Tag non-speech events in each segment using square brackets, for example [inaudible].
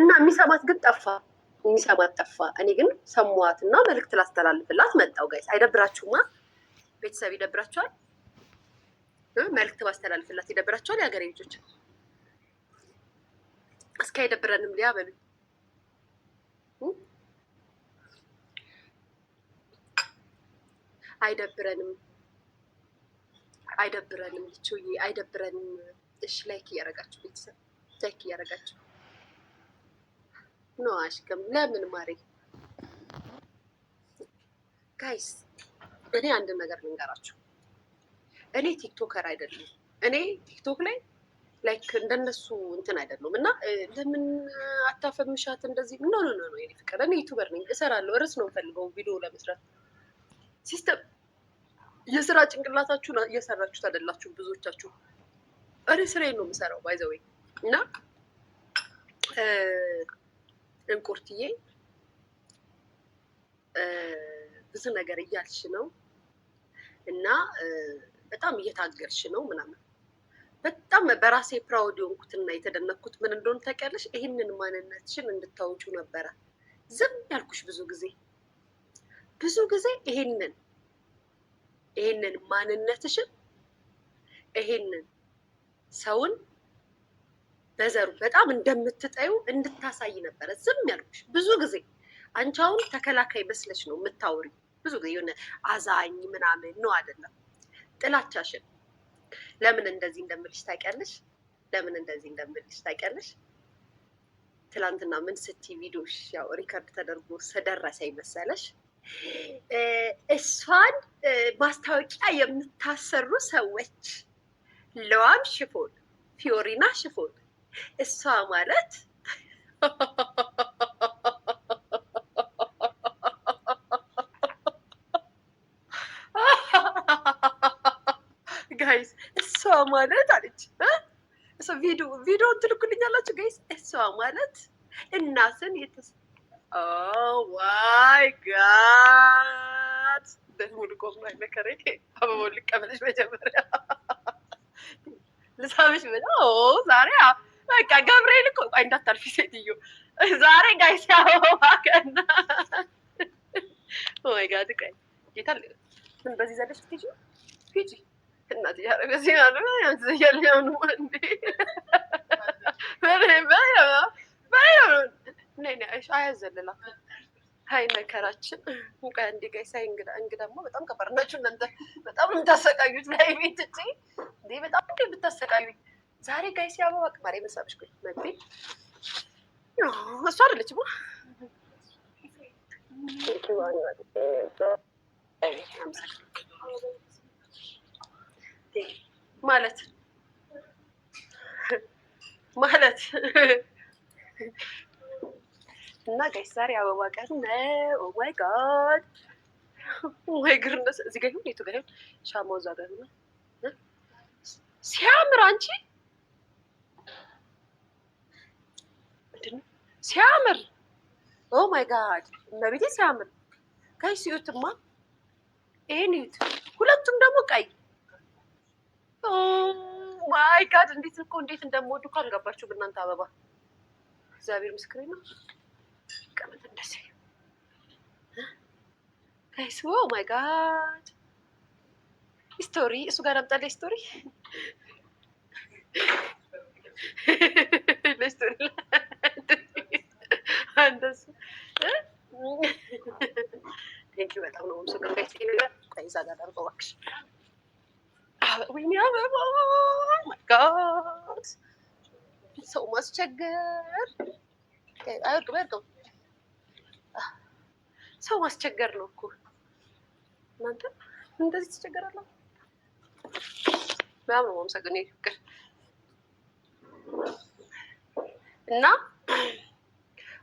እና የሚሰማት ግን ጠፋ፣ የሚሰማት ጠፋ። እኔ ግን ሰሟት እና መልዕክት ላስተላልፍላት መጣው። ጋይስ አይደብራችሁማ? ቤተሰብ ይደብራችኋል? መልእክት ባስተላልፍላት ይደብራችኋል? የሀገሬ ልጆች እስኪ አይደብረንም ሊያ በሉ አይደብረንም አይደብረንም፣ ልችዬ አይደብረንም። እሺ ላይክ እያደረጋችሁ ቤተሰብ ላይክ እያደረጋችሁ ኖ አሽከም ለምን ማሬ ጋይስ፣ እኔ አንድ ነገር ልንገራችሁ። እኔ ቲክቶከር አይደለም። እኔ ቲክቶክ ላይ ላይክ እንደነሱ እንትን አይደለም እና ለምን አታፈምሻት እንደዚህ ኖ ኖ ኖ የኔ ፍቅር፣ እኔ ዩቱበር ነኝ፣ እሰራለሁ። ርዕስ ነው ፈልገው ቪዲዮ ለመስራት ሲስተም የስራ ጭንቅላታችሁን እየሰራችሁ አይደላችሁ ብዙዎቻችሁ። እኔ ስራዬን ነው የምሰራው ባይዘዌ እና እንቁርትዬ ብዙ ነገር እያልሽ ነው እና በጣም እየታገርሽ ነው ምናምን በጣም በራሴ ፕራውድ የሆንኩትና የተደነኩት ምን እንደሆነ ታውቂያለሽ? ይህንን ማንነትሽን እንድታወጩ ነበረ ዝም ያልኩሽ። ብዙ ጊዜ ብዙ ጊዜ ይሄንን ይሄንን ማንነትሽን ይሄንን ሰውን በዘሩ በጣም እንደምትጠዩ እንድታሳይ ነበረ ዝም ያልኩሽ። ብዙ ጊዜ አንቺ አሁን ተከላካይ መስለች ነው የምታወሪ። ብዙ ጊዜ የሆነ አዛኝ ምናምን ነው አይደለም። ጥላቻሽን ለምን እንደዚህ እንደምልሽ ታውቂያለሽ? ለምን እንደዚህ እንደምልሽ ታውቂያለሽ? ትላንትና ምን ስቲ ቪዲዮሽ ያው ሪከርድ ተደርጎ ስደረሰኝ ይመሰለሽ እሷን ማስታወቂያ የምታሰሩ ሰዎች ለዋም ሽፎን ፊዮሪና ሽፎን እሷ ማለት ጋይስ እሷ ማለት አለች። ቪዲዮ ትልኩልኛላችሁ ጋይስ። እሷ ማለት እናትን የተስ ዋይ ጋድ ደሙል ቆም መከሬ አበቦ ልቀበለሽ መጀመሪያ ልሳብሽ ዛሬ በቃ ገብርኤል እኮ ቆይ እንዳታልፊ ሴትዮ ዛሬ ጋይስ ያወዋቀና ወይ ጋድ ቀይ ጌታ ምን በዚህ ዘለች ትጂ ፊጂ እናት ያረገዚ ያለ ያንተ ያለው ነው እንዴ በሬ በሬ ሀይ መከራችን ሙቀ እንዲ ጋይስ አይ እንግዳ እንግዳማ በጣም ከባድ ናችሁ እናንተ በጣም የምታሰቃዩት ላይ ቤት እ እንዲህ በጣም እንዲ የምታሰቃዩት ዛሬ ጋይ ሲያበባ ቅማሬ መሳብሽ መግቢ እሱ አደለች ቦ ማለት ማለት እና ጋይስ ዛሬ አበባ ቀን ነው። ኦማይ oh ጋድ ወይ ግርነስ እዚህ ጋ ይሁን የቱ ጋ ይሁን ሻማው እዛ ጋ ይሁን ሲያምር አንቺ ምንድነው? ሲያምር ኦ ማይ ጋድ እመቤቴ ሲያምር። ቀይ ሲዩትማ ይሄን ይዩት። ሁለቱም ደግሞ ቀይ ኦ ማይ ጋድ እንዴት እኮ እንዴት እንደምወዱ እኮ አልገባችሁም እናንተ። አበባ እግዚአብሔር ምስክሬ ነው። ቀመት እንደስ ጋይስ ኦ ማይ ጋድ ስቶሪ እሱ ጋር አምጣልኝ ስቶሪ [laughs] ለስቶሪ እንደሱ ቴንኪው በጣም ነው ምስጋና ነገር ከይዛ ጋር ደርሶ እባክሽ ወይኔ አበባ ማጋት oh ሰው ማስቸገር አይወርቅ በርቀው ሰው ማስቸገር ነው እኮ እናንተ እንደዚህ ትቸገራለሁ። በጣም ነው ማመሰግነው እና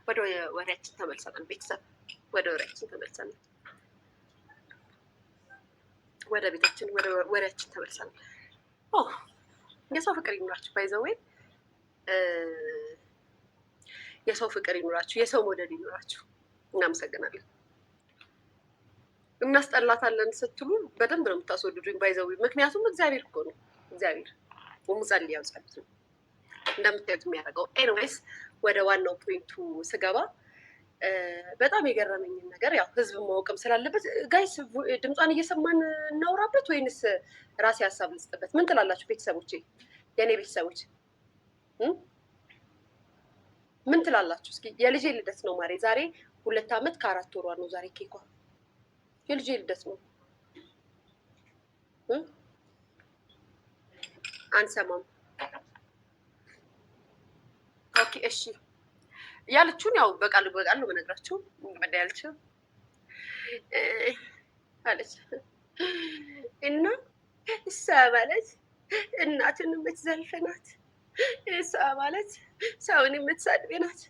ወደ ወሬያችን ተመልሰናል። ቤተሰብ ወደ ወሬያችን ተመልሰናል። ወደ ቤታችን ወደ ወሬያችን ተመልሰናል። የሰው ፍቅር ይኑራችሁ። ባይዘዌ የሰው ፍቅር ይኑራችሁ፣ የሰው መውደድ ይኑራችሁ። እናመሰግናለን። እናስጠላታለን ስትሉ በደንብ ነው የምታስወድዱኝ። ባይዘዌ ምክንያቱም እግዚአብሔር እኮ ነው እግዚአብሔር ሙዛል ያውጻል እንደምታዩት የሚያደርገው። ኤንዌይስ ወደ ዋናው ፖይንቱ ስገባ በጣም የገረመኝን ነገር ያው ህዝብ ማወቅም ስላለበት ጋይስ ድምጿን እየሰማን እናውራበት ወይንስ ራሴ ሀሳብ ልስጥበት? ምን ትላላችሁ ቤተሰቦች? የእኔ ቤተሰቦች ምን ትላላችሁ? እስኪ የልጄ ልደት ነው ማሬ። ዛሬ ሁለት ዓመት ከአራት ወሯ ነው ዛሬ ኬኳ። የልጄ ልደት ነው። አንሰማም ኦኬ እሺ ያለችውን ያው በቃል በቃል ነው በነግራችሁ እንግዲህ ያለችው አለች እና እሷ ማለት እናትን የምትዘልፍ ናት። እሷ ማለት ሰውን የምትሳድብ ናት።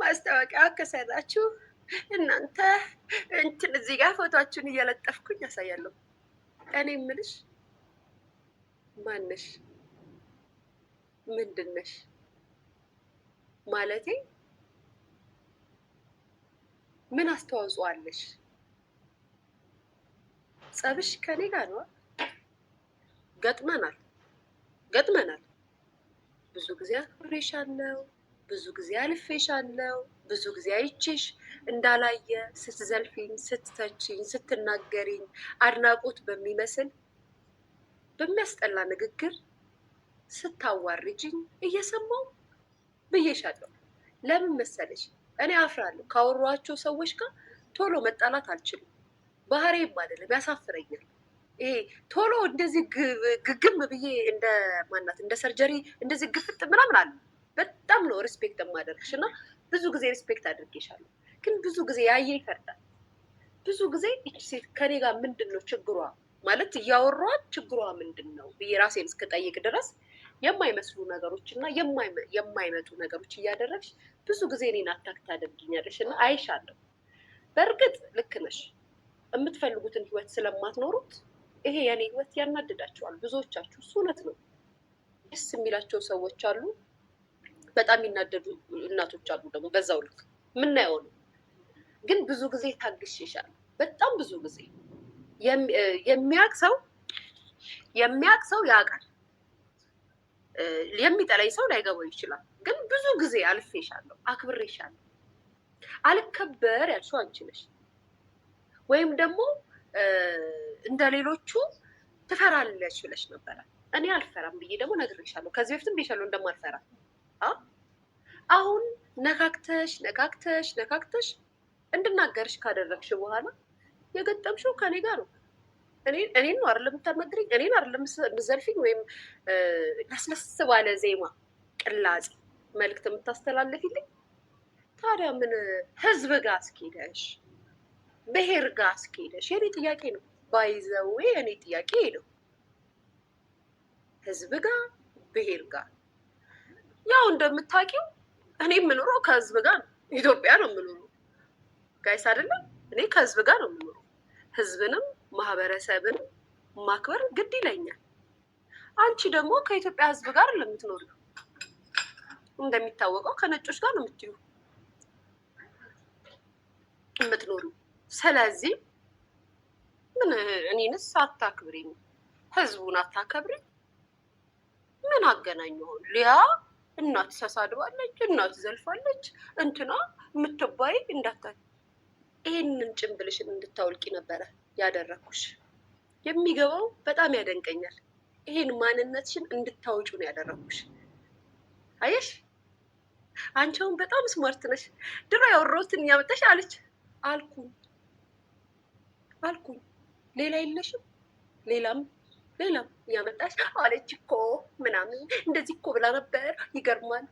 ማስታወቂያ ከሰራችሁ እናንተ እንትን እዚህ ጋር ፎቶችሁን እየለጠፍኩኝ ያሳያለሁ። እኔ የምልሽ ማነሽ? ምንድነሽ? ማለቴ ምን አስተዋጽኦ አለሽ? ጸብሽ ከኔ ጋር ነው። ገጥመናል ገጥመናል። ብዙ ጊዜ አክብሬሻለሁ፣ ብዙ ጊዜ አልፌሻለሁ፣ ብዙ ጊዜ አይቼሽ እንዳላየ ስትዘልፊኝ፣ ስትተችኝ፣ ስትናገሪኝ አድናቆት በሚመስል በሚያስጠላ ንግግር ስታዋርጅኝ እየሰማው ብዬሻለሁ። ለምን መሰለሽ እኔ አፍራለሁ ካወሯቸው ሰዎች ጋር ቶሎ መጣላት አልችልም። ባህሬም አይደለም ያሳፍረኛል። ይሄ ቶሎ እንደዚህ ግግም ብዬ እንደ ማናት እንደ ሰርጀሪ እንደዚህ ግፍጥ ምናምን አለ። በጣም ነው ሪስፔክት የማደርግሽ እና ብዙ ጊዜ ሪስፔክት አድርጌሻለሁ። ግን ብዙ ጊዜ ያየ ይፈርዳል። ብዙ ጊዜ ይች ሴት ከኔ ጋር ምንድን ነው ችግሯ ማለት እያወሯት ችግሯ ምንድን ነው ብዬ ራሴን እስክጠይቅ ድረስ የማይመስሉ ነገሮች እና የማይመጡ ነገሮች እያደረግሽ ብዙ ጊዜ እኔን አታክ ታደርግኛለሽ እና አይሻለሁ። በእርግጥ ልክ ነሽ። የምትፈልጉትን ህይወት ስለማትኖሩት ይሄ የኔ ህይወት ያናድዳቸዋል ብዙዎቻችሁ። እሱ እውነት ነው። ደስ የሚላቸው ሰዎች አሉ፣ በጣም ይናደዱ እናቶች አሉ ደግሞ በዛው ልክ ምናየው ነው። ግን ብዙ ጊዜ ታግሼሻለሁ፣ በጣም ብዙ ጊዜ የሚያቅ ሰው የሚያቅ ሰው ያውቃል የሚጠላኝ ሰው ላይገባው ይችላል። ግን ብዙ ጊዜ አልፌሻለሁ፣ አክብሬሻለሁ። አልከበር ያልሽው አንቺ ነሽ። ወይም ደግሞ እንደ ሌሎቹ ትፈራለች ብለሽ ነበረ። እኔ አልፈራም ብዬ ደግሞ ነግሬሻለሁ። ከዚህ በፊትም ብዬሻለሁ እንደማልፈራ። አሁን ነካክተሽ ነካክተሽ ነካክተሽ እንድናገርሽ ካደረግሽ በኋላ የገጠምሽው ከኔ ጋር ነው። እኔን ነው አይደለም የምታናግረኝ? እኔን አይደለም የምትዘልፊኝ? ወይም ለስለስ ባለ ዜማ ቅላጼ መልዕክት የምታስተላልፊልኝ ታዲያ ምን ህዝብ ጋር አስኬደሽ ብሄር ጋር አስኬደሽ? የኔ ጥያቄ ነው ባይዘዌ፣ እኔ ጥያቄ ነው ህዝብ ጋር ብሄር ጋር ያው እንደምታውቂው እኔ የምኖረው ከህዝብ ጋር ነው። ኢትዮጵያ ነው የምኖረው ጋይስ አይደለም። እኔ ከህዝብ ጋር ነው የምኖረው ህዝብንም ማህበረሰብን ማክበር ግድ ይለኛል። አንቺ ደግሞ ከኢትዮጵያ ህዝብ ጋር ለምትኖር እንደሚታወቀው ከነጮች ጋር ነው የምትዩ የምትኖሩ። ስለዚህ ምን እኔንስ አታክብሪኝ፣ ህዝቡን አታከብሪ። ምን አገናኝ ሆን ሊያ እናት ተሳድባለች፣ እናት ዘልፋለች፣ እንትና የምትባይ እንዳታ ይህንን ጭንብልሽን እንድታወልቂ ነበረ ያደረግኩሽ። የሚገባው በጣም ያደንቀኛል። ይሄን ማንነትሽን እንድታወጪ ነው ያደረግኩሽ። አየሽ አንቺውን በጣም ስማርት ነሽ። ድሮ ያወራሁትን እያመጣሽ አለች አልኩኝ አልኩኝ ሌላ የለሽም ሌላም ሌላም እያመጣሽ አለች እኮ ምናምን እንደዚህ እኮ ብላ ነበር። ይገርማል።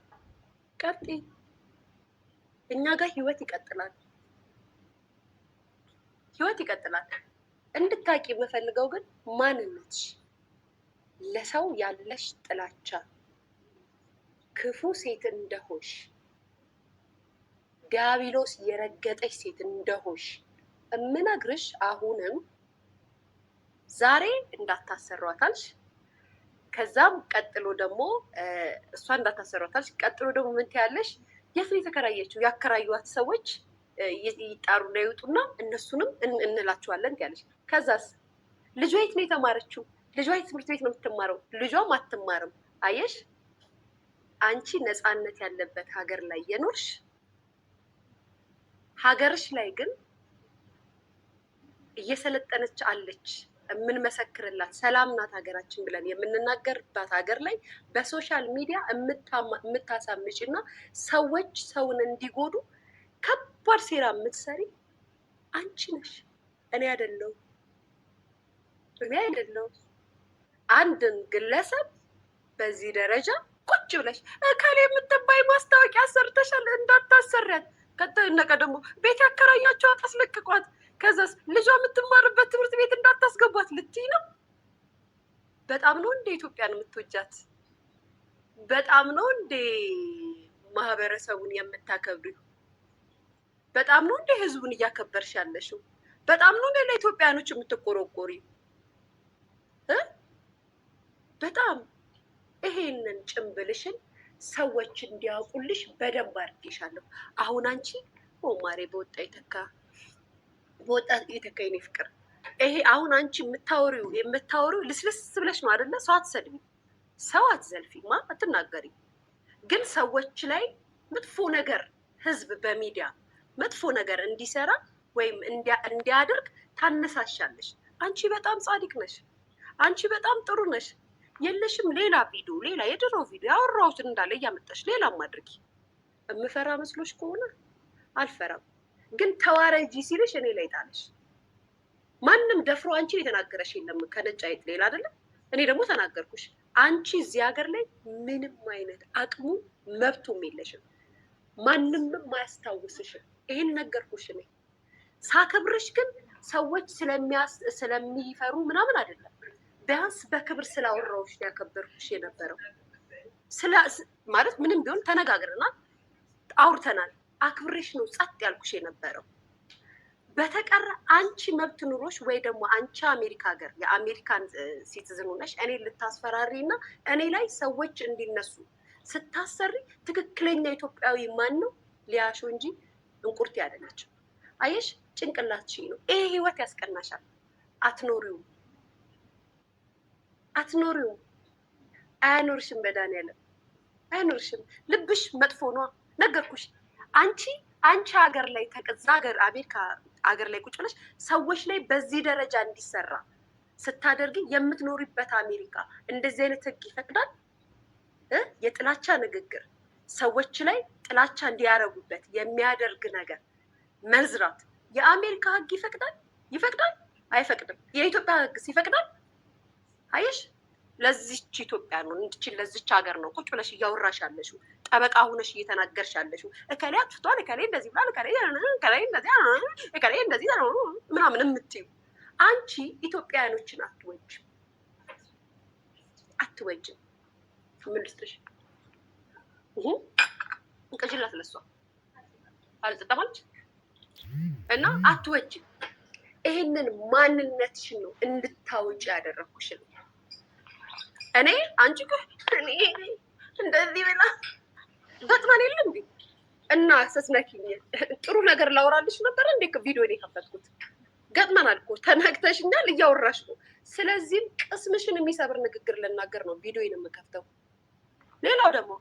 ቀጥይ። እኛ ጋር ህይወት ይቀጥላል። ህይወት ይቀጥላል። እንድታቂ የምፈልገው ግን ማንነትሽ፣ ለሰው ያለሽ ጥላቻ፣ ክፉ ሴት እንደሆሽ፣ ዲያብሎስ የረገጠች ሴት እንደሆሽ እምነግርሽ አሁንም ዛሬ እንዳታሰሯታልሽ። ከዛም ቀጥሎ ደግሞ እሷ እንዳታሰሯታልሽ። ቀጥሎ ደግሞ ምንት ያለሽ የት ነው የተከራየችው? ያከራዩዋት ሰዎች ይጣሩና ይውጡና እነሱንም እንላቸዋለን ያለች። ከዛስ ልጇ የት ነው የተማረችው? ልጇ የት ትምህርት ቤት ነው የምትማረው? ልጇም አትማርም። አየሽ አንቺ ነፃነት ያለበት ሀገር ላይ የኖርሽ ሀገርሽ ላይ ግን እየሰለጠነች አለች የምንመሰክርላት ሰላም ናት ሀገራችን ብለን የምንናገርባት ሀገር ላይ በሶሻል ሚዲያ የምታሳምጭ እና ሰዎች ሰውን እንዲጎዱ ከብ ከባድ ሴራ የምትሰሪ አንቺ ነሽ፣ እኔ አይደለሁ እኔ አይደለሁ። አንድን ግለሰብ በዚህ ደረጃ ቁጭ ብለሽ እከሌ የምትባይ ማስታወቂያ ሰርተሻል እንዳታሰሪያት ከተነቀ ደግሞ ቤት ያከራያቸው አታስለቅቋት፣ ከዛስ ልጇ የምትማርበት ትምህርት ቤት እንዳታስገቧት ልትይ ነው። በጣም ነው እንደ ኢትዮጵያን የምትወጃት፣ በጣም ነው እንደ ማህበረሰቡን የምታከብሪው። በጣም ነው እንደ ህዝቡን እያከበርሽ ያለሽው? በጣም ነው እንደ ለኢትዮጵያኖች የምትቆረቆሪ? በጣም ይሄንን ጭምብልሽን ሰዎች እንዲያውቁልሽ በደንብ አድርጌሻለሁ። አሁን አንቺ ኦማሬ በወጣ የተካ በወጣ የተካ የኔ ፍቅር ይሄ አሁን አንቺ የምታወሪው የምታወሪው ልስልስ ብለሽ ነው አይደለ? ሰው አትሰድቢ፣ ሰው ማ አትናገሪ። ግን ሰዎች ላይ መጥፎ ነገር ህዝብ በሚዲያ መጥፎ ነገር እንዲሰራ ወይም እንዲያደርግ ታነሳሻለሽ። አንቺ በጣም ጻድቅ ነሽ፣ አንቺ በጣም ጥሩ ነሽ። የለሽም ሌላ ቪዲዮ፣ ሌላ የድሮ ቪዲዮ ያወራሁትን እንዳለ እያመጣሽ ሌላም አድርጊ። እምፈራ መስሎሽ ከሆነ አልፈራም፣ ግን ተዋረጂ ሲልሽ እኔ ላይ ጣለሽ። ማንም ደፍሮ አንቺን የተናገረሽ የለም ከነጭ አይጥ ሌላ አይደለም። እኔ ደግሞ ተናገርኩሽ። አንቺ እዚህ ሀገር ላይ ምንም አይነት አቅሙ መብቱም የለሽም፣ ማንምም አያስታውስሽም። ይሄን ነገርኩሽ። እኔ ሳከብርሽ ግን ሰዎች ስለሚፈሩ ምናምን አይደለም። ቢያንስ በክብር ስላወራሁሽ ያከበርኩሽ የነበረው ማለት ምንም ቢሆን ተነጋግረናል፣ አውርተናል። አክብሬሽ ነው ጸጥ ያልኩሽ የነበረው። በተቀረ አንቺ መብት ኑሮሽ ወይ ደግሞ አንቺ አሜሪካ ሀገር የአሜሪካን ሲቲዝን ሆነሽ እኔ ልታስፈራሪ እና እኔ ላይ ሰዎች እንዲነሱ ስታሰሪ ትክክለኛ ኢትዮጵያዊ ማን ነው? ሊያሾ እንጂ እንቁርት ያደናቸው። አየሽ ጭንቅላትሽ ነው። ይሄ ህይወት ያስቀናሻል። አትኖሪው አትኖሪው፣ አያኖርሽም። መድኃኒዓለም አያኖርሽም። ልብሽ መጥፎ ነዋ። ነገርኩሽ። አንቺ አንቺ ሀገር ላይ ተቀዛ ሀገር አሜሪካ ሀገር ላይ ቁጭ ብለሽ ሰዎች ላይ በዚህ ደረጃ እንዲሰራ ስታደርጊ የምትኖሪበት አሜሪካ እንደዚህ አይነት ህግ ይፈቅዳል? የጥላቻ ንግግር ሰዎች ላይ ጥላቻ እንዲያረጉበት የሚያደርግ ነገር መዝራት የአሜሪካ ህግ ይፈቅዳል? ይፈቅዳል? አይፈቅድም? የኢትዮጵያ ህግስ ይፈቅዳል? አየሽ፣ ለዚች ኢትዮጵያ ነው እንድችል ለዚች ሀገር ነው ቁጭ ብለሽ እያወራሽ ያለሽው፣ ጠበቃ ሁነሽ እየተናገርሽ ያለሽው እከሌ አጥፍቷል፣ እከሌ እንደዚህ ብሏል፣ እከሌ እንደዚህ እከሌ እንደዚህ ምናምን የምትዩ አንቺ ኢትዮጵያውያኖችን አትወጅም፣ አትወጅም። ምን ልስጥሽ? እንቅጭላት ለሷ አልጠጠማች እና ይህንን ማንነትሽን ነው እንድታወጪ ያደረግኩሽ። እኔ አንቺ እኔ እንደዚህ ብላ እና ስትነኪኝ ጥሩ ነገር ላወራልሽ ነበረ እንዴ? ቪዲዮን የከፈትኩት ገጥመናል እኮ እያወራሽ ነው። ስለዚህም ቅስምሽን የሚሰብር ንግግር ልናገር ነው ቪዲዮን የምከፍተው። ሌላው ደግሞ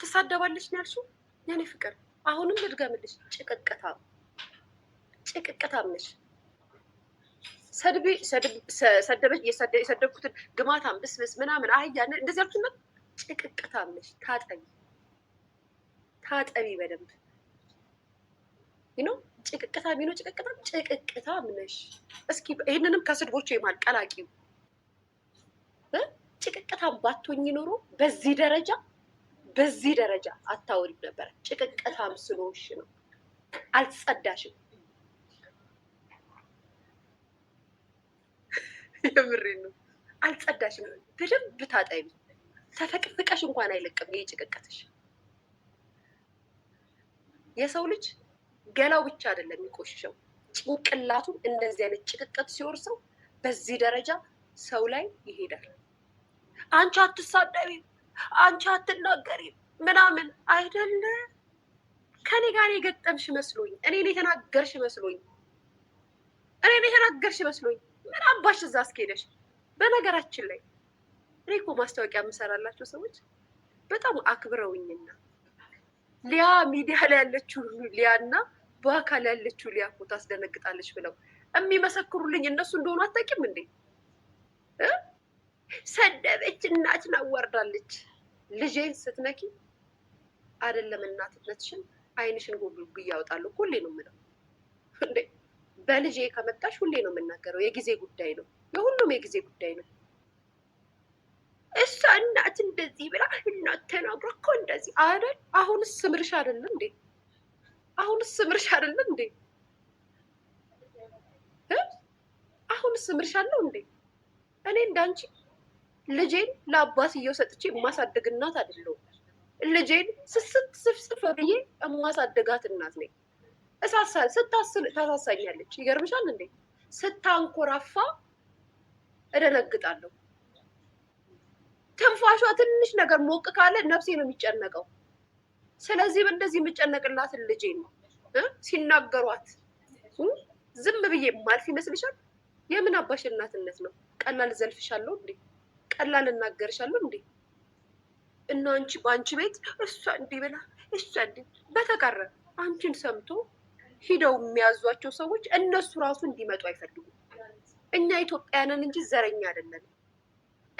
ትሳደባለች ነው ያልሽው? የኔ ፍቅር አሁንም ልድገምልሽ፣ ጭቅቅታ ጭቅቅታም ነሽ። ሰድቤ የሰደብኩትን ግማታም ብስብስ ምናምን አህያ እንደዚህ ያልኩት ነው። ጭቅቅታም ነሽ። ታጠቢ ታጠቢ በደንብ ይኖ ጭቅቅታ ቢኖ ጭቅቅታ ጭቅቅታ ምነሽ እስኪ ይህንንም ከስድቦች ይማል ቀላቂው ጭቅቅታም ባትሆኝ ኖሮ በዚህ ደረጃ በዚህ ደረጃ አታውሪም ነበረ። ጭቅቅታም ስለሆንሽ ነው። አልጸዳሽም። የምሬን ነው። አልጸዳሽም። በደንብ ታጠቢ። ተፈቅፍቀሽ እንኳን አይለቅም ይህ ጭቅቅትሽ። የሰው ልጅ ገላው ብቻ አይደለም የሚቆሽሸው፣ ጭንቅላቱም እንደዚህ አይነት ጭቅቅት ሲወርሰው በዚህ ደረጃ ሰው ላይ ይሄዳል። አንቺ አትሳደቢም አንቺ አትናገሪም ምናምን አይደለ ከኔ ጋር የገጠምሽ መስሎኝ እኔን የተናገርሽ መስሎኝ እኔን የተናገርሽ መስሎኝ ምን አባሽ እዛ አስኬደሽ። በነገራችን ላይ እኔ እኮ ማስታወቂያ የምሰራላቸው ሰዎች በጣም አክብረውኝና ሊያ ሚዲያ ላይ ያለችው ሊያ እና በአካል ያለችው ሊያ እኮ ታስደነግጣለች ብለው የሚመሰክሩልኝ እነሱ እንደሆኑ አታውቂም እንዴ? ሰደበች፣ እናትን አዋርዳለች። ልጄን ስትነኪ አይደለም እናትነትሽን አይንሽን ጉብጉብ እያወጣለሁ። ሁሌ ነው የምለው እንዴ በልጄ ከመጣሽ ሁሌ ነው የምናገረው። የጊዜ ጉዳይ ነው፣ የሁሉም የጊዜ ጉዳይ ነው። እሷ እናት እንደዚህ ብላ እናት ተናግራ እኮ እንደዚህ አይደል? አሁንስ ስምርሽ አይደለም እንዴ? አሁንስ ስምርሽ አይደለም እንዴ? አሁንስ ስምርሽ አለው እንዴ? እኔ እንዳንቺ ልጄን ለአባትየው ሰጥቼ የማሳደግ እናት አይደለሁም። ልጄን ስስት ስፍስፍ ብዬ የማሳደጋት እናት ነኝ። እሳሳል ስታስል ታሳሳኛለች። ይገርምሻል እንዴ ስታንኮራፋ እደነግጣለሁ። ትንፋሿ ትንሽ ነገር ሞቅ ካለ ነፍሴ ነው የሚጨነቀው። ስለዚህም እንደዚህ የምጨነቅላትን ልጄን ሲናገሯት ዝም ብዬ ማልፍ ይመስልሻል? የምን አባሽ እናትነት ነው? ቀላል ዘልፍሻለሁ እንዴ? ቀላል እናገርሻለሁ እንዴ? እና አንቺ በአንቺ ቤት እሷ እንዲህ ብላ እሷ እንዲህ በተቀረ አንቺን ሰምቶ ሂደው የሚያዟቸው ሰዎች እነሱ ራሱ እንዲመጡ አይፈልጉም። እኛ ኢትዮጵያንን እንጂ ዘረኛ አይደለን።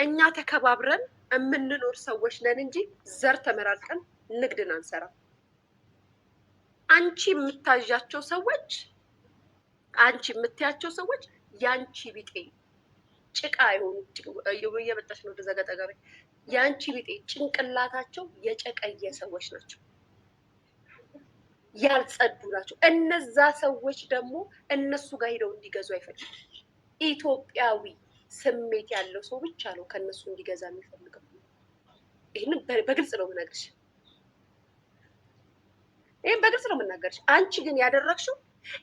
እኛ ተከባብረን የምንኖር ሰዎች ነን እንጂ ዘር ተመራርቀን ንግድን አንሰራ። አንቺ የምታዣቸው ሰዎች አንቺ የምትያቸው ሰዎች የአንቺ ቢጤ ጭቃ የሆኑ እየመጣች ነው ወደዛ ገጠገበ የአንቺ ቢጤ ጭንቅላታቸው የጨቀየ ሰዎች ናቸው፣ ያልጸዱ ናቸው። እነዛ ሰዎች ደግሞ እነሱ ጋር ሄደው እንዲገዙ አይፈልግም። ኢትዮጵያዊ ስሜት ያለው ሰው ብቻ ነው ከእነሱ እንዲገዛ የሚፈልገው። ይህንን በግልጽ ነው የምናገርሽ። ይህም በግልጽ ነው የምናገርሽ። አንቺ ግን ያደረግሽው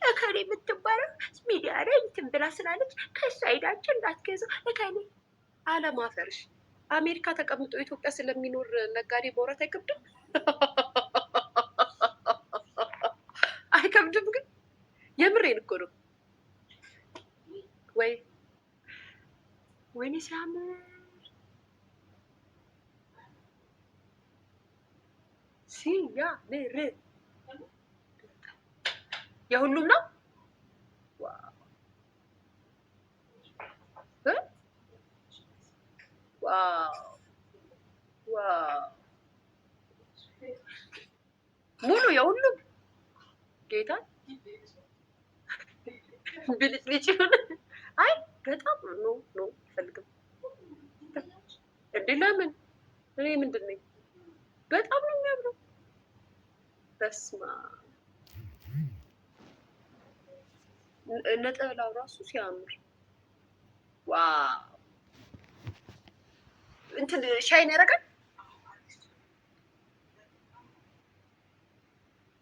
እከሌ የምትባለው ሚዲያ ላይ እንትን ብላ ስላለች ከሱ አይዳቸው እንዳትገዙ እከሌ አለማፈርሽ። አሜሪካ ተቀምጦ ኢትዮጵያ ስለሚኖር ነጋዴ መውራት አይከብድም? [laughs] አይከብድም። ግን የምሬን እኮ ነው። ወይ ወይኔ ሲያምር ሲያምር የሁሉም ነው። ሙሉ የሁሉም ጌታ ብልጭልጭ ሆነ። አይ በጣም ኖ ኖ አልፈልግም። እንዴ ለምን? እኔ ምንድን ነኝ? በጣም ነው የሚያምረው። በስማ ነጠላው ራሱ ሲያምር ዋ እንትን ሻይን ያደርጋል።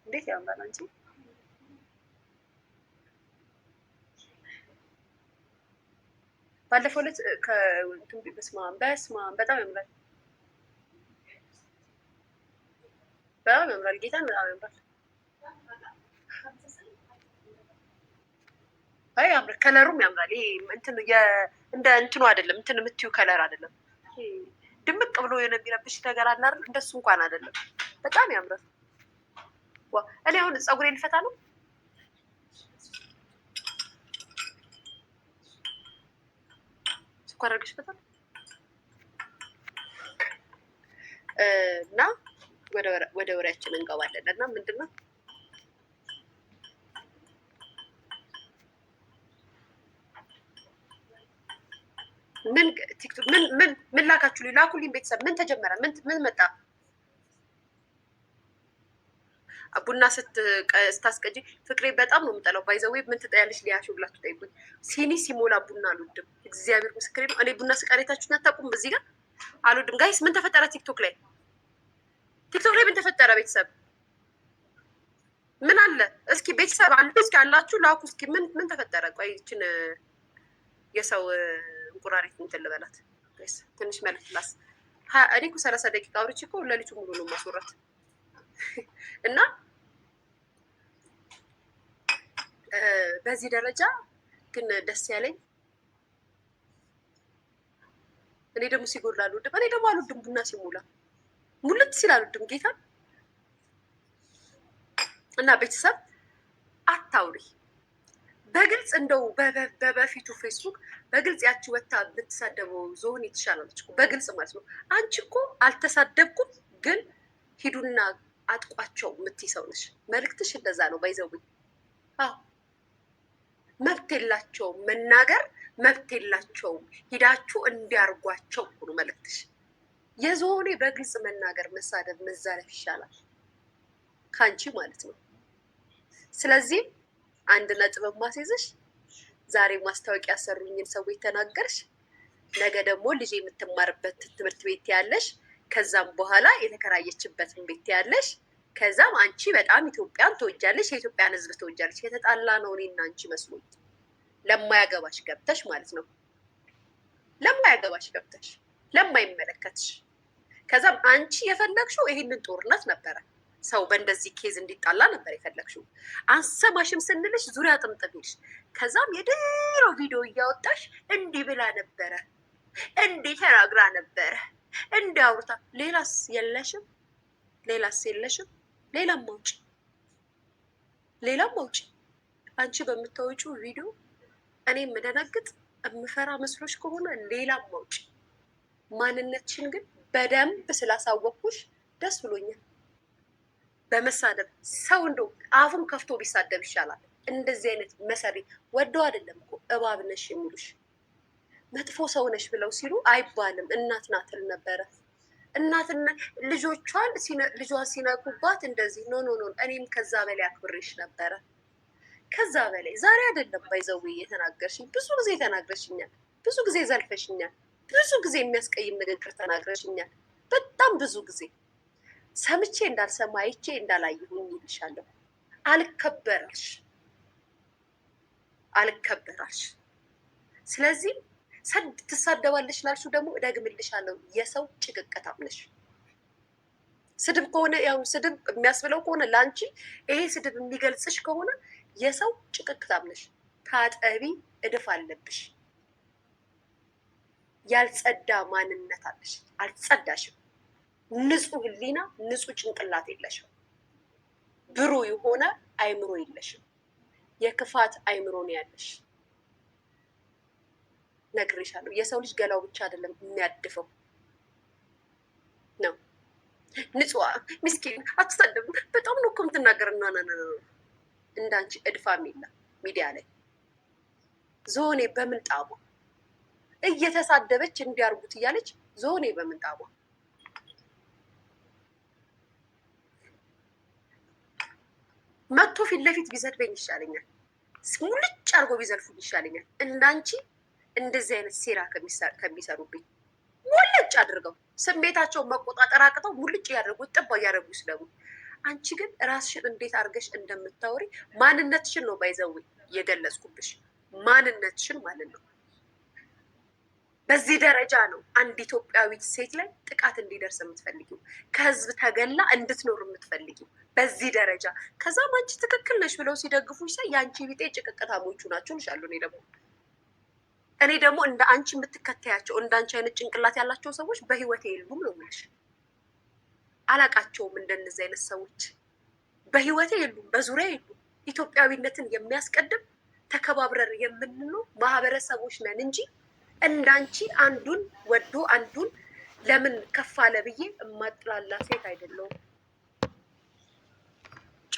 እንዴት ያምራል! አንቺ ባለፈው ዕለት በስመ አብ በስመ አብ በጣም ያምራል። በጣም ያምራል። ጌታን በጣም ያምራል። ያምር ከለሩም ያምራል። ይሄ እንትን እንደ እንትኑ አይደለም እንትን የምትዩ ከለር አይደለም። ድምቅ ብሎ የሆነ የሚረብሽ ነገር አለ አይደል? እንደሱ እንኳን አይደለም። በጣም ያምራል። እኔ አሁን ፀጉሬን ፈታ ነው ስኳር አድርገሽ ፈታ ነው እና ወደ ወሬያችን እንገባለን እና ምንድን ነው ምን ቲክቶክ ምን ምን ምን ላካችሁ ላኩልኝ ቤተሰብ ምን ተጀመረ ምን ምን መጣ ቡና ስታስቀጂ ፍቅሬ በጣም ነው የምጠላው። ባይዘዌ ምን ትጠያለሽ ሊያሽው ብላችሁ ጠይቁኝ። ሲኒ ሲሞላ ቡና አልወድም። እግዚአብሔር ምስክሬ ነው። እኔ ቡና ስቃሬታችሁን አታውቁም። እዚህ ጋር አልወድም። ጋይስ ምን ተፈጠረ? ቲክቶክ ላይ ቲክቶክ ላይ ምን ተፈጠረ? ቤተሰብ ምን አለ? እስኪ ቤተሰብ አለ እስኪ አላችሁ ላኩ እስኪ ምን ምን ተፈጠረ? ቆይ የሰው እንቁራሪት እንትን ልበላት ትንሽ መልክ እኔ እኮ ሰላሳ ደቂቃ አውርቼ እኮ ለሊቱ ሙሉ ነው ማስወራት [laughs] እና በዚህ ደረጃ ግን ደስ ያለኝ እኔ ደግሞ ሲጎላ አልወድም። እኔ ደግሞ አልወድም ቡና ሲሞላ ሙልት ሲል አልወድም ጌታ እና ቤተሰብ አታውሪ በግልጽ እንደው በበፊቱ ፌስቡክ በግልጽ ያቺ ወታ የምትሳደበው ዞን የተሻላለች በግልጽ ማለት ነው። አንቺ እኮ አልተሳደብኩም፣ ግን ሂዱና አጥቋቸው የምትይሰው ነሽ። መልእክትሽ እንደዛ ነው። ባይዘውኝ አዎ፣ መብት የላቸውም መናገር መብት የላቸውም፣ ሂዳችሁ እንዲያርጓቸው ሆኑ መልክትሽ የዞኔ በግልጽ መናገር መሳደብ መዛለፍ ይሻላል ከአንቺ ማለት ነው። ስለዚህ አንድ ነጥብ ማስይዝሽ ዛሬ ማስታወቂያ ያሰሩኝን ሰዎች ተናገርሽ፣ ነገ ደግሞ ልጅ የምትማርበት ትምህርት ቤት ያለሽ፣ ከዛም በኋላ የተከራየችበትን ቤት ያለሽ፣ ከዛም አንቺ በጣም ኢትዮጵያን ትወጃለሽ፣ የኢትዮጵያን ሕዝብ ትወጃለሽ። የተጣላ ነው እኔና አንቺ መስሎኝ ለማያገባሽ ገብተሽ ማለት ነው። ለማያገባሽ ገብተሽ ለማይመለከትሽ፣ ከዛም አንቺ የፈለግሽው ይሄንን ጦርነት ነበረ። ሰው በእንደዚህ ኬዝ እንዲጣላ ነበር የፈለግሽው። አንሰማሽም ስንልሽ ዙሪያ ጥምጥምሽ፣ ከዛም የድሮ ቪዲዮ እያወጣሽ እንዲህ ብላ ነበረ፣ እንዲህ ተናግራ ነበረ፣ እንዲህ አውርታ። ሌላስ የለሽም? ሌላስ የለሽም? ሌላም አውጪ፣ ሌላም አውጪ። አንቺ በምታወጪው ቪዲዮ እኔ የምደነግጥ የምፈራ መስሎች ከሆነ ሌላም አውጪ። ማንነትሽን ግን በደንብ ስላሳወቅኩሽ ደስ ብሎኛል። በመሳደብ ሰው እንደ አፉን ከፍቶ ቢሳደብ ይሻላል። እንደዚህ አይነት መሰሪ ወደው አይደለም እኮ እባብ ነሽ የሚሉሽ መጥፎ ሰው ነሽ ብለው ሲሉ አይባልም። እናት ናትል ነበረ እናትና ልጆቿን ልጇን ሲነኩባት እንደዚህ ኖ ኖ ኖ፣ እኔም ከዛ በላይ አክብሬሽ ነበረ። ከዛ በላይ ዛሬ አይደለም ባይዘው እየተናገርሽኝ፣ ብዙ ጊዜ ተናግረሽኛል፣ ብዙ ጊዜ ዘልፈሽኛል፣ ብዙ ጊዜ የሚያስቀይም ንግግር ተናግረሽኛል፣ በጣም ብዙ ጊዜ ሰምቼ እንዳልሰማ አይቼ እንዳላየሁኝ ይልሻለሁ። አልከበራሽ አልከበራሽ። ስለዚህ ሰድ ትሳደባለሽ ላልሽው ደግሞ እደግምልሻለሁ፣ የሰው ጭቅቅታም ነሽ። ስድብ ከሆነ ያው ስድብ የሚያስብለው ከሆነ ለአንቺ ይሄ ስድብ የሚገልጽሽ ከሆነ የሰው ጭቅቅታም ነሽ። ታጠቢ፣ እድፍ አለብሽ። ያልጸዳ ማንነት አለሽ፣ አልጸዳሽም። ንጹህ ህሊና ንጹህ ጭንቅላት የለሽም። ብሩህ የሆነ አይምሮ የለሽም። የክፋት አይምሮ ነው ያለሽ። ነግሬሻለሁ። የሰው ልጅ ገላው ብቻ አይደለም የሚያድፈው ነው። ንጹዋ ምስኪን አትሰልም። በጣም ነው እኮ የምትናገር። እና እንዳንቺ እድፋም የለም ሚዲያ ላይ ዞኔ በምንጣቧ እየተሳደበች እንዲያርጉት እያለች ዞኔ በምንጣቧ መጥቶ ፊት ለፊት ቢዘድበኝ ይሻለኛል። ሙልጭ አድርጎ ቢዘልፉ ይሻለኛል። እንዳንቺ እንደዚህ አይነት ሴራ ከሚሰሩብኝ ሙልጭ አድርገው ስሜታቸውን መቆጣጠር አቅተው ሙልጭ እያደረጉ ጥባ እያደረጉ ስለቡ። አንቺ ግን ራስሽን እንዴት አድርገሽ እንደምታወሪ ማንነትሽን ነው ባይዘው የገለጽኩብሽ ማንነትሽን ማለት ነው። በዚህ ደረጃ ነው አንድ ኢትዮጵያዊት ሴት ላይ ጥቃት እንዲደርስ የምትፈልጊው፣ ከህዝብ ተገላ እንድትኖር የምትፈልጊው። በዚህ ደረጃ ከዛ አንቺ ትክክል ነሽ ብለው ሲደግፉ ይሳ የአንቺ ቢጤ ጭቅቅታሞቹ ናቸው እንሻሉ። እኔ ደግሞ እኔ ደግሞ እንደ አንቺ የምትከተያቸው እንደ አንቺ አይነት ጭንቅላት ያላቸው ሰዎች በህይወት የሉም ነው የምልሽ። አላቃቸውም እንደነዚህ አይነት ሰዎች በህይወቴ የሉም፣ በዙሪያ የሉም። ኢትዮጵያዊነትን የሚያስቀድም ተከባብረር የምንኖር ማህበረሰቦች ነን እንጂ እንዳንቺ አንዱን ወዶ አንዱን ለምን ከፍ አለ ብዬ እማጥላላ ሴት አይደለሁም።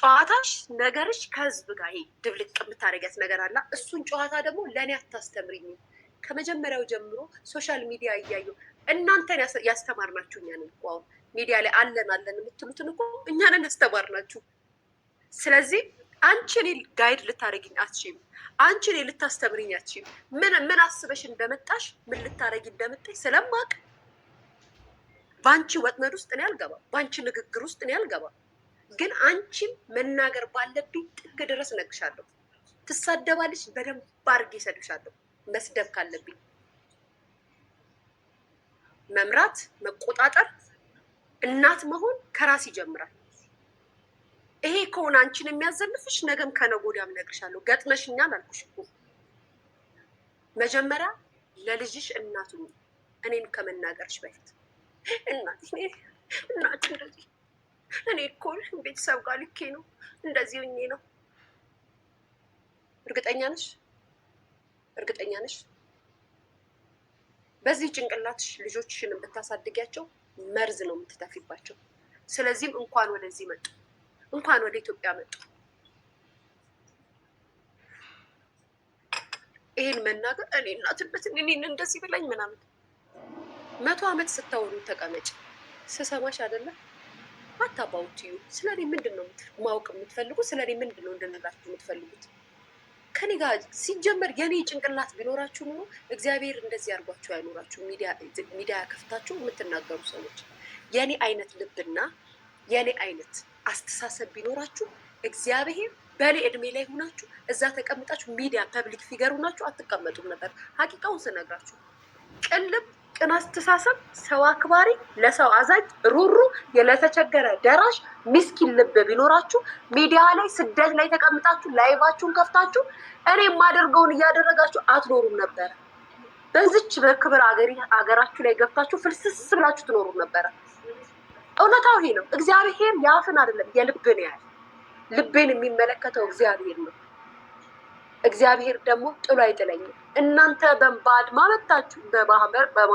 ጨዋታሽ ነገርሽ ከህዝብ ጋር ይሄ ድብልቅ የምታደርጊያት ነገር አለ። እሱን ጨዋታ ደግሞ ለእኔ አታስተምርኝ። ከመጀመሪያው ጀምሮ ሶሻል ሚዲያ እያዩ እናንተን ያስተማርናችሁ እኛን እኮ አሁን ሚዲያ ላይ አለን አለን የምትሉትን እኮ እኛንን ያስተማርናችሁ። ስለዚህ አንቺ እኔ ጋይድ ልታደርጊኝ አትችይም። አንቺ እኔ ልታስተምርኝ አትችይም። ምን ምን አስበሽ እንደመጣሽ ምን ልታደርጊ እንደመጣሽ ስለማቅ በአንቺ ወጥመድ ውስጥ እኔ አልገባም። በአንቺ ንግግር ውስጥ እኔ አልገባም። ግን አንቺም መናገር ባለብኝ ጥግ ድረስ እነግርሻለሁ። ትሳደባለች፣ በደንብ አድርጌ እሰድብሻለሁ። መስደብ ካለብኝ መምራት፣ መቆጣጠር፣ እናት መሆን ከራስ ይጀምራል። ይሄ ከሆነ አንቺን የሚያዘንፍሽ ነገም ከነገ ወዲያም እነግርሻለሁ። ገጥመሽኛል አልኩሽ እኮ መጀመሪያ ለልጅሽ እናቱ እኔን ከመናገርሽ በፊት እናት እናት እንደዚህ እኔ እኮ ቤተሰብ ጋር ልኬ ነው እንደዚህ ሆኜ ነው። እርግጠኛ ነሽ? እርግጠኛ ነሽ? በዚህ ጭንቅላትሽ ልጆችሽን ብታሳድጊያቸው መርዝ ነው የምትተፊባቸው። ስለዚህም እንኳን ወደዚህ መጡ፣ እንኳን ወደ ኢትዮጵያ መጡ። ይህን መናገር እኔ እናትበት እኔን እንደዚህ ብለኝ ምናምን መቶ ዓመት ስታወሩ ተቀመጭ ስሰማሽ አይደለም አታባውት ዩ ስለኔ እኔ ምንድን ነው ማወቅ የምትፈልጉት? ስለኔ እኔ ምንድን ነው እንድንላችሁ የምትፈልጉት? ከኔ ጋር ሲጀመር የኔ ጭንቅላት ቢኖራችሁ ኖሮ እግዚአብሔር እንደዚህ አድርጓችሁ አይኖራችሁ። ሚዲያ ከፍታችሁ የምትናገሩ ሰዎች የኔ አይነት ልብና የኔ አይነት አስተሳሰብ ቢኖራችሁ እግዚአብሔር በእኔ እድሜ ላይ ሆናችሁ እዛ ተቀምጣችሁ ሚዲያ ፐብሊክ ፊገር ሆናችሁ አትቀመጡም ነበር። ሀቂቃውን ስነግራችሁ ቅልብ ቅን አስተሳሰብ፣ ሰው አክባሪ፣ ለሰው አዛጅ ሩሩ፣ ለተቸገረ ደራሽ፣ ሚስኪን ልብ ቢኖራችሁ ሚዲያ ላይ ስደት ላይ ተቀምጣችሁ ላይቫችሁን ከፍታችሁ እኔ የማደርገውን እያደረጋችሁ አትኖሩም ነበረ። በዚች በክብር አገራችሁ ላይ ገብታችሁ ፍልስስ ብላችሁ ትኖሩም ነበረ። እውነታው ይሄ ነው። እግዚአብሔር ያፍን አይደለም የልብን ያህል ልቤን የሚመለከተው እግዚአብሔር ነው። እግዚአብሔር ደግሞ ጥሎ አይጥለኝም። እናንተ በንባድ ማመታችሁ በማህበር በማህበር